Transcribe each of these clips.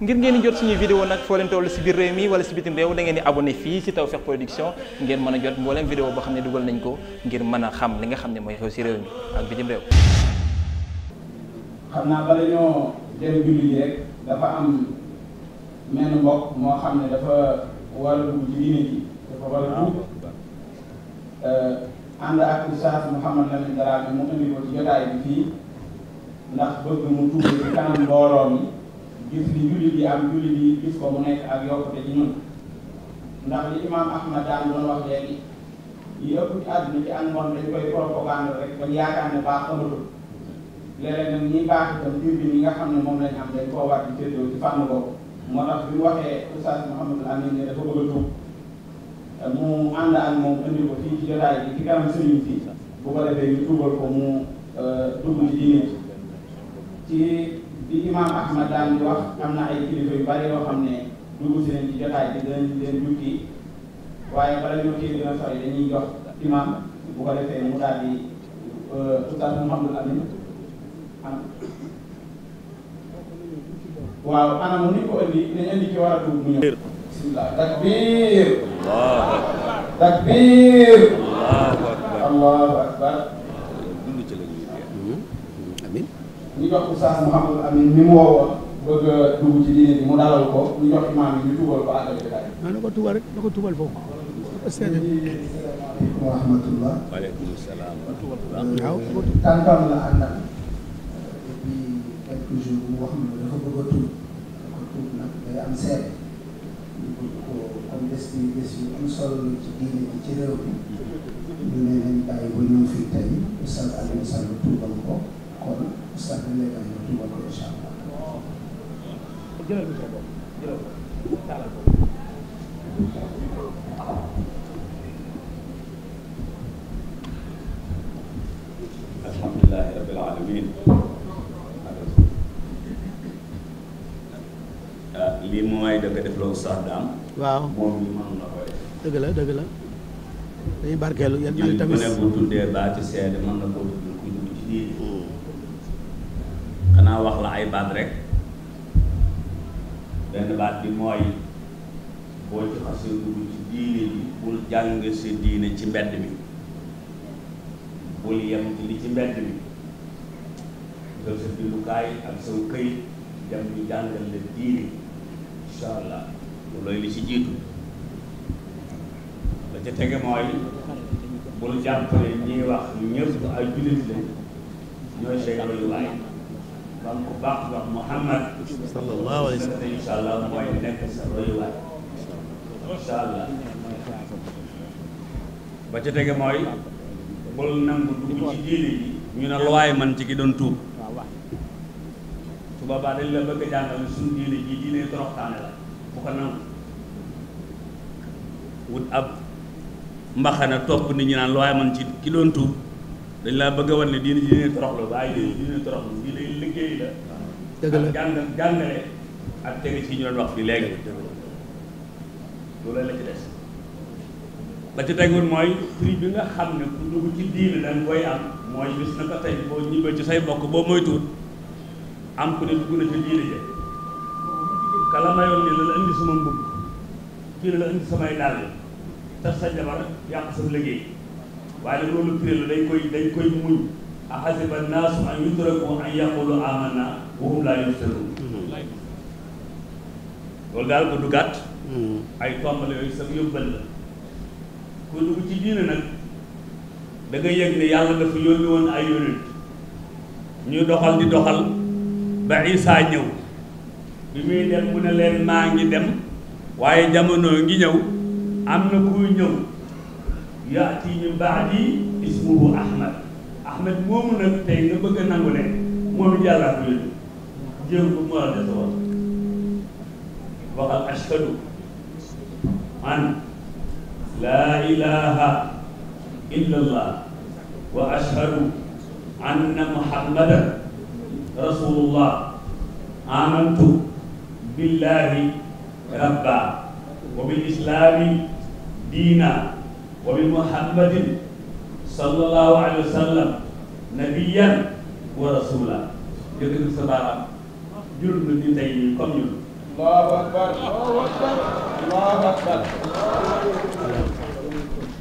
ngir ngeen di jot suñuy vidéo nag foo toll si biir réew mi wala si bitim réew da ngeen di abonné fii si Tawfekh Production ngeen mën a jot mbooleem vidéo boo xam ne dugal nañ ko ngir mën a xam li nga xam ne mooy xew si réew mi ak bitim réew xam naa bala ñoo dem julli ji rek dafa am menn mbokk moo xam ne dafa war a dugg ci diine ji dafa war a dugg ah, euh, ànd ak Oustaz Mouhamed Lamine Dramé mu indi ko jotaay bi fii ndax bëgg mu tuub ci kanam mbooloo mi gis li jullit yi am jullit yi gis ko mu nekk ak yokkute ci ñun ndax li imaam Ahmad daan doon wax léegi yi ëpp ci àdduna ci ak moom dañ koy propagande rek ba yaakaar ne baax amatul léeg-léeg nag ñi baax itam mbir bi ñi nga xam ne moom lañ am dañ koo war di séddoo ci fànn boobu moo tax bi mu waxee oustaz Mouhamadou Amine ne dafa bëgg a tuub mu ànd ak moom indi ko fii ci jotaay bi ci kanam sëriñ si bu ko defee ñu tuubal ko mu euh, dugg ci diine ci bi imaam Ahmad daal di wax am na ay kilifa yu bari yoo xam ne dugg si leen ci jotaay bi dinañ leen jukki waaye bala ñoo kii dina sori dañuy jox imaam bu ko defee mu daal di euh, Oustaz Mouhamadou Amine waaw anam ni ko indi nañ indi ci war a dugg mu ñëw bismillah takbir takbir allahu akbar ñu jox Oustaz Mouhamadou Amine mi mu woowoon bëgg a dugg ci diine bi mu dalal ko ñu jox imaam yi ñu tuubal ko àggali jotaay. waaw ah, na ko tuubal rek na ko tuubal foofu. asalaamaaleykum wa rahmatulah. salaam wa rahmatulah. la àndal. depuis quelques jours mu wax ne dafa bëgg a tuub dafa tuub nag day am seet ñu bëgg ko comme des bi des yu am solo ci diine bi ci réew bi ñu ne leen bàyyi ba ñëw fii tey Oustaz Alioune Sall tuubal ko. sax bi lay am nga tuubal ko incha allah. jëlal bi boobu jëlal ko taalal ko. alhamdulilahi rabbil alamin uh, lii mooy da nga def loolu sax daam. waaw moom ñu mën la koy. dëgg la dëgg la. dañuy barkeelu yan tamit. ñu ne bu tuddee baa ci seede mën na koo tudd ku dugg ci diine. Hmm. xanaa wax la ay baat rek benn baat bi mooy boo ci xasee dugg ci diine bi bul jàng sa diine ci mbedd mi bul yem ci li ci mbedd mi jël sa bindukaay ak sa këyit dem ñu jàngal la diine incha allah loolu li ci jiitu la ca tege mooy bul jàpp ne ñuy wax ñëpp ay jullit la ñooy say royuwaay ba mu baax wax Muhammad mooy nekk sa royuwaay incha ci diine ñu ne luwaay man ci ki doon tuub su boobaa dañ la bëgg a jàngal suñu diine ji diine toroxtaane la bu ko nangu wut ab mbaxana topp nit ñi naan luwaay man ci ki doon tuub dañ laa bëgg a wan ne diine ji diine torox la waaye diine diine torox la liggéey la. dëgg la ak jàngal jàngale ak tege ci ñu wax fi léegi. loolu la ci des ba ci tegoon mooy prix bi nga xam ne ku dugg ci diine da nga koy am mooy bis na ko tey boo ñibbee ci say bokk boo moytuwul am ku ne dugg na ci diine je kala mayoon ni la la indi sama mbubb kii la la samay dàll tas sa jabar yàq liggéey waaye loolu prix la dañ koy dañ koy muñ ahasiba annaasu an yutraku an yaqulu amanna wa hum laa yuftanun loolu daal bu du hmm. ay tomb sax yóbbal la ku dugg ci diine nag da yëg ne yàlla dafa yónni woon ay yónent ñu doxal di doxal ba Isaa ñëw bi muy dem mu ne leen maa ngi dem waaye jamono ngi ñëw am na kuy ñëw yaati ñu baax di ismuhu ahmad Ahmed moomu nag tey nga bëgg a nangu ne moom it yàllaa ko yónni jéem bu mu war a desawal waxal ashhadu an laa ilaha illa allah wa ashhadu anna muhammadan rasulullah amantu billahi rabba wa bil islami diina wa bi muhammadin sallallahu alayhi wa sallam nabiyan wa rasula sa baaraam jur na ñu tey nii comme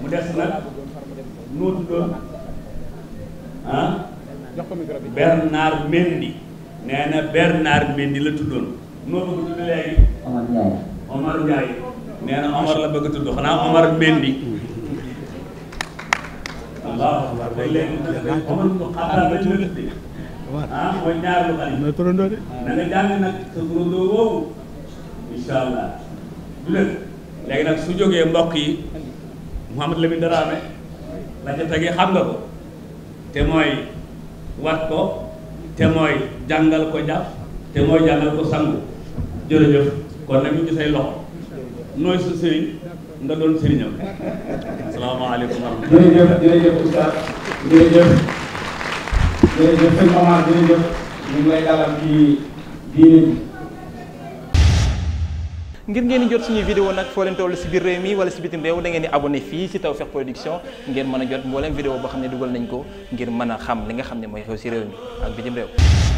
mu des nag noo tuddoon ah Bernard Mendy nee Bernard Mendy la tuddoon noo bëgg tudd léegi Omar Omar Ndiaye nee Omar la bëgg tudd xanaa Omar Mendy waaw léegi xamal mooy ñaareelu de. na jàng nag sa turandoo woowu. incha allah du lépp. léegi nag su jógee mbokk yi Mouhamad Lamine Daraame la ca tegee xam nga ko te mooy wat ko te mooy jàngal ko jàpp te mooy jàngal ko sangu jërëjëf kon nag ñu ngi say loxo nooy sa sëriñ. nga doon sëriñam salaamaaleykum wa rahmatulah. jërëjëf jërëjëf oustaz jërëjëf ngir ngeen jot suñuy vidéo nag foo leen toll si biir réew mi wala si bitim réew da ngeen di abonné fii si taw Tawfekh Production ngeen mën a jot mbooleem vidéo boo xam ne dugal nañ ko ngir mën a xam li nga xam ne mooy xew si réew mi ak bitim réew.